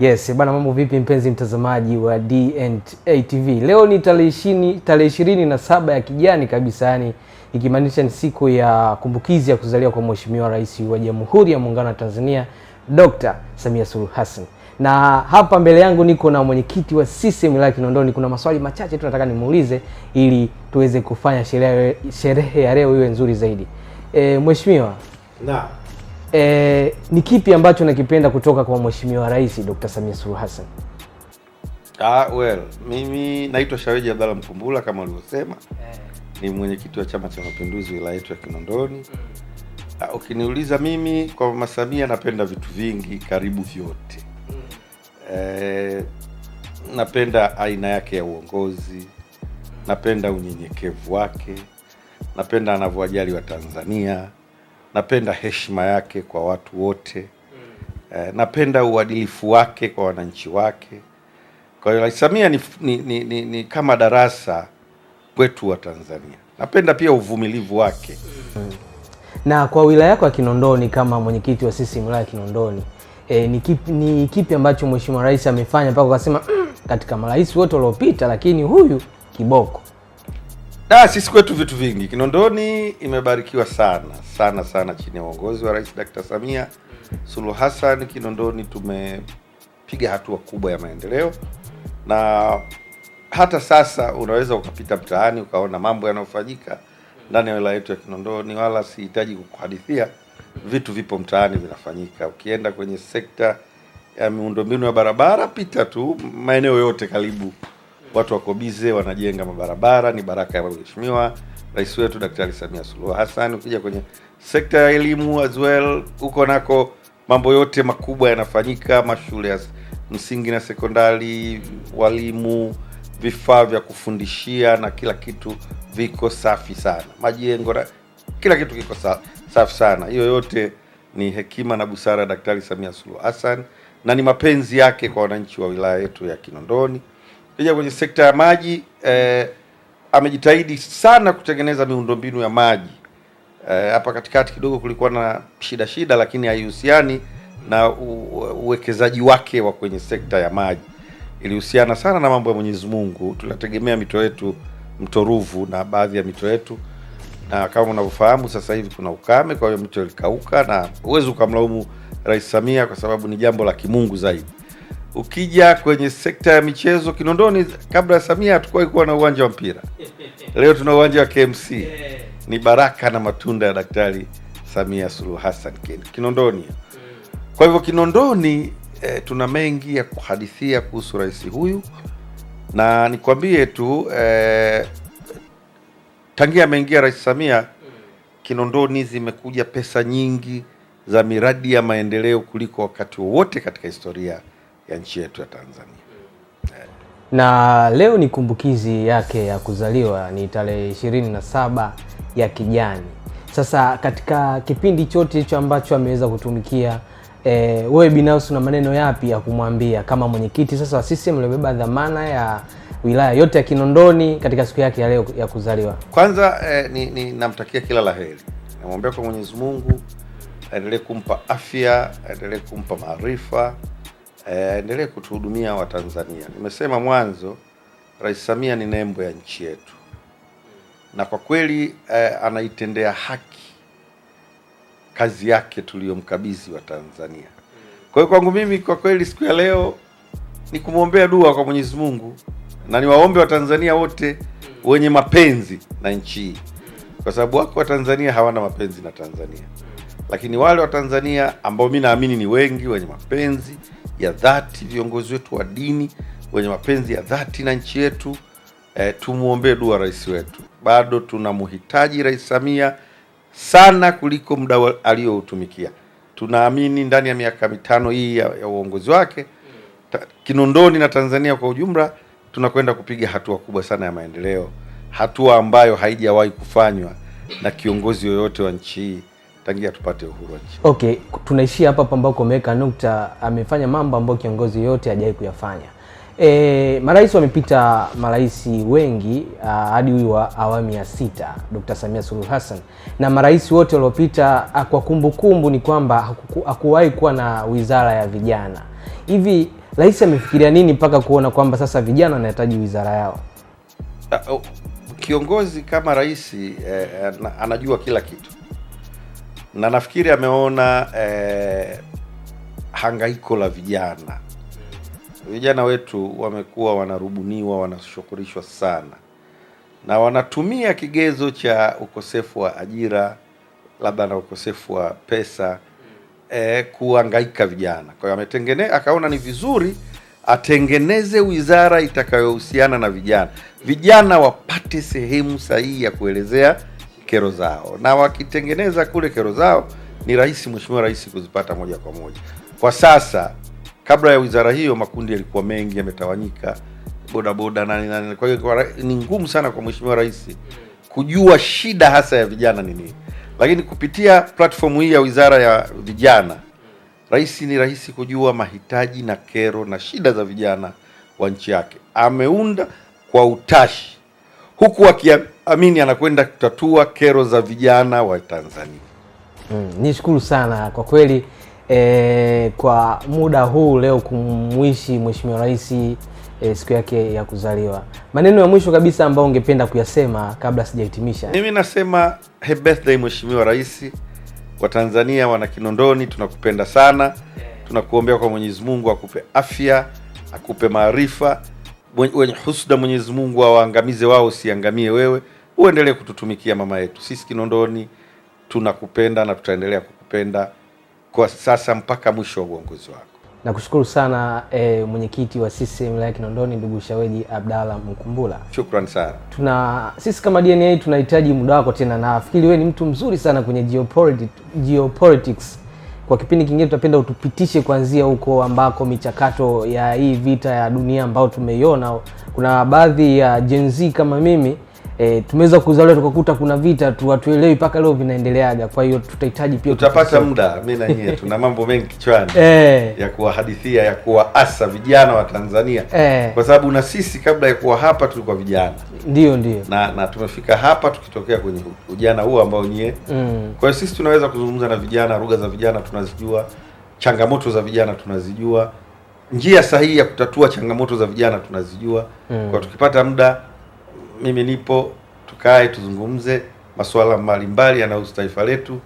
Yes, bana mambo vipi mpenzi mtazamaji wa D&A TV. Leo ni tarehe ishirini tarehe na saba ya kijani kabisa, yani ikimaanisha ni siku ya kumbukizi ya kuzaliwa kwa Mheshimiwa Rais wa Jamhuri ya Muungano wa Tanzania Dr. Samia Suluhu Hassan. Na hapa mbele yangu niko na mwenyekiti wa CCM wilaya Kinondoni. Kuna maswali machache tu nataka nimuulize ili tuweze kufanya sherehe sherehe ya leo iwe nzuri zaidi. E, mheshimiwa. Naam. E, ni kipi ambacho nakipenda kutoka kwa Mheshimiwa Rais Dr. Samia Suluhu Hassan? Ah, well, mimi naitwa Shaweji Abdalla Mfumbula kama ulivyosema eh. Ni mwenyekiti wa Chama cha Mapinduzi wilaya yetu ya Kinondoni mm. Ah, ukiniuliza mimi kwa Mama Samia napenda vitu vingi, karibu vyote mm. Eh, napenda aina yake ya uongozi, mm. napenda unyenyekevu wake, napenda anavyowajali wa Tanzania Napenda heshima yake kwa watu wote eh, napenda uadilifu wake kwa wananchi wake. Kwa hiyo Rais Samia ni, ni, ni, ni, ni kama darasa kwetu wa Tanzania. Napenda pia uvumilivu wake mm. Na kwa wilaya yako ya Kinondoni kama mwenyekiti wa sisi wilaya ya Kinondoni e, ni, kipi, ni kipi ambacho Mheshimiwa Rais amefanya mpaka ukasema mm, katika marais wote waliopita, lakini huyu kiboko Da, ah, sisi kwetu vitu vingi. Kinondoni imebarikiwa sana sana sana chini ya uongozi wa Rais Dr. Samia Suluhu Hassan. Kinondoni tumepiga hatua kubwa ya maendeleo, na hata sasa unaweza ukapita mtaani ukaona mambo yanayofanyika ndani ya wilaya yetu ya Kinondoni, wala sihitaji kukuhadithia, vitu vipo mtaani vinafanyika. Ukienda kwenye sekta ya miundombinu ya barabara, pita tu maeneo yote karibu watu wako bize wanajenga mabarabara, ni baraka ya mheshimiwa rais wetu Daktari Samia Suluhu Hassan. Ukija kwenye sekta ya elimu as well, huko nako mambo yote makubwa yanafanyika, mashule ya msingi na sekondari, walimu, vifaa vya kufundishia na kila kitu viko safi sana, majengo na kila kitu kiko sa, safi sana. Hiyo yote ni hekima na busara ya Daktari Samia Suluhu Hassan na ni mapenzi yake kwa wananchi wa wilaya yetu ya Kinondoni. Tija kwenye sekta ya maji eh, amejitahidi sana kutengeneza miundombinu ya maji eh, hapa eh, katikati kidogo kulikuwa na shida shida, lakini haihusiani na uwekezaji wake wa kwenye sekta ya maji, ilihusiana sana na mambo ya Mwenyezi Mungu. Tunategemea mito yetu mto Ruvu na baadhi ya mito yetu, na kama unavyofahamu sasa hivi kuna ukame, kwa hiyo mito ilikauka, na huwezi ukamlaumu Rais Samia kwa sababu ni jambo la kimungu zaidi. Ukija kwenye sekta ya michezo Kinondoni, kabla ya Samia hatukuwahi kuwa na uwanja wa mpira. Leo tuna uwanja wa KMC, eh. ni baraka na matunda ya Daktari Samia Suluhu Hassan Kinondoni. Eh. Kwa hivyo Kinondoni eh, tuna mengi ya kuhadithia kuhusu rais huyu, na nikwambie tu eh, tangia ameingia Rais Samia hmm. Kinondoni zimekuja pesa nyingi za miradi ya maendeleo kuliko wakati wowote katika historia ya nchi yetu ya Tanzania Na leo ni kumbukizi yake ya kuzaliwa, ni tarehe ishirini na saba ya kijani. Sasa katika kipindi chote hicho ambacho ameweza kutumikia e, wewe binafsi una maneno yapi ya kumwambia kama mwenyekiti sasa wa CCM dhamana ya wilaya yote ya Kinondoni katika siku yake ya leo ya kuzaliwa? Kwanza eh, ni, ni namtakia kila la heri, namwombea kwa Mwenyezi Mungu aendelee kumpa afya, aendelee kumpa maarifa aendelee eh, kutuhudumia Watanzania. Nimesema mwanzo, Rais Samia ni nembo ya nchi yetu, na kwa kweli eh, anaitendea haki kazi yake tuliyomkabidhi wa Tanzania. Kwa hiyo kwangu mimi kwa kweli siku ya leo ni kumwombea dua kwa Mwenyezi Mungu na niwaombe Watanzania wote wenye mapenzi na nchi hii, kwa sababu wako Watanzania hawana mapenzi na Tanzania, lakini wale Watanzania ambao mi naamini ni wengi wenye mapenzi ya dhati, viongozi wetu wa dini wenye mapenzi ya dhati na nchi yetu. E, eh, tumwombee dua rais wetu, bado tunamhitaji Rais Samia sana kuliko muda aliyoutumikia. Tunaamini ndani ya miaka mitano hii ya, ya uongozi wake ta, Kinondoni na Tanzania kwa ujumla tunakwenda kupiga hatua kubwa sana ya maendeleo, hatua ambayo haijawahi kufanywa na kiongozi yoyote wa nchi hii tangia tupate uhuru wa nchi. Okay, tunaishia hapa hapa ambako ameweka nukta. Amefanya mambo ambayo kiongozi yote hajawahi kuyafanya. E, marais wamepita marais wengi hadi huyu wa awamu ya sita Dr. Samia Suluhu Hassan, na marais wote waliopita kwa kumbukumbu kumbu ni kwamba hakuwahi kuwa na wizara ya vijana. Hivi rais amefikiria nini mpaka kuona kwamba sasa vijana wanahitaji wizara yao? Ah, oh, kiongozi kama rais eh, eh anajua kila kitu na nafikiri ameona eh, hangaiko la vijana. Vijana wetu wamekuwa wanarubuniwa, wanashughurishwa sana na wanatumia kigezo cha ukosefu wa ajira labda na ukosefu wa pesa eh, kuangaika vijana. Kwa hiyo ametengene akaona ni vizuri atengeneze wizara itakayohusiana na vijana, vijana wapate sehemu sahihi ya kuelezea kero zao, na wakitengeneza kule kero zao ni rahisi mheshimiwa rais kuzipata moja kwa moja. Kwa sasa, kabla ya wizara hiyo, makundi yalikuwa mengi, yametawanyika, bodaboda nani nani. Kwa hiyo ni ngumu sana kwa mheshimiwa rais kujua shida hasa ya vijana ni nini, lakini kupitia platform hii ya wizara ya vijana, rais ni rahisi kujua mahitaji na kero na shida za vijana wa nchi yake. Ameunda kwa utashi huku akiamini anakwenda kutatua kero za vijana wa Tanzania. Mm, nishukuru sana kwa kweli e, kwa muda huu leo kumwishi Mheshimiwa Rais e, siku yake ya kuzaliwa. Maneno ya mwisho kabisa ambayo ungependa kuyasema kabla sijahitimisha? Mimi nasema happy birthday Mheshimiwa Rais. tanzania wana Kinondoni tunakupenda sana, tunakuombea kwa Mwenyezi Mungu akupe afya, akupe maarifa wenye husuda Mwenyezi Mungu awaangamize wao, usiangamie wewe. Uendelee kututumikia mama yetu. Sisi Kinondoni tunakupenda na tutaendelea kukupenda kwa sasa mpaka mwisho wa uongozi wako. Nakushukuru sana e, mwenyekiti wa CCM wilaya Kinondoni ndugu Shaweji Abdalla Mkumbula, shukrani sana. Tuna sisi kama DNA tunahitaji muda wako tena, na nafikiri wewe ni mtu mzuri sana kwenye geopolitics, geopolitics kwa kipindi kingine tutapenda utupitishe kuanzia huko ambako michakato ya hii vita ya dunia ambayo tumeiona. Kuna baadhi ya jenzi kama mimi E, tumeweza kuzaliwa tukakuta kuna vita tu, hatuelewi mpaka leo vinaendeleaga. Kwa hiyo tutahitaji pia, tutapata muda mimi na nyie, tuna mambo mengi kichwani e, ya kuwahadithia ya kuwaasa vijana wa Tanzania e, kwa sababu na sisi kabla ya kuwa hapa tulikuwa vijana, ndio ndio, na na tumefika hapa tukitokea kwenye ujana huo ambao nyie mm. Kwa hiyo sisi tunaweza kuzungumza na vijana, lugha za vijana tunazijua, changamoto za vijana tunazijua, njia sahihi ya kutatua changamoto za vijana tunazijua mm. Kwa tukipata muda mimi nipo, tukae tuzungumze masuala mbalimbali yanayohusu taifa letu,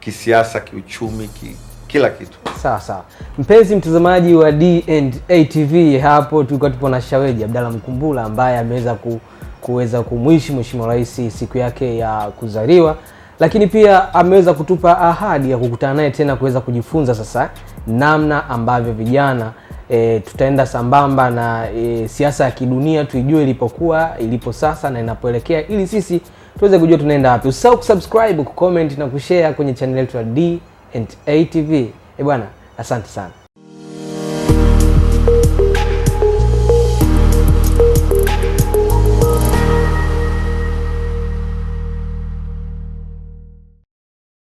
kisiasa, kiuchumi, ki, kila kitu. Sawa sawa, mpenzi mtazamaji wa D&A TV, hapo tulikuwa tupo na shaweji Abdalla Mkumbula ambaye ameweza ku, kuweza kumwishi Mheshimiwa Rais siku yake ya kuzaliwa, lakini pia ameweza kutupa ahadi ya kukutana naye tena kuweza kujifunza sasa namna ambavyo vijana e, tutaenda sambamba na e, siasa ya kidunia, tuijue ilipokuwa, ilipo sasa na inapoelekea, ili sisi tuweze kujua tunaenda wapi. Usisahau kusubscribe, kucomment na kushare kwenye channel yetu ya D&A TV. Eh bwana, asante sana.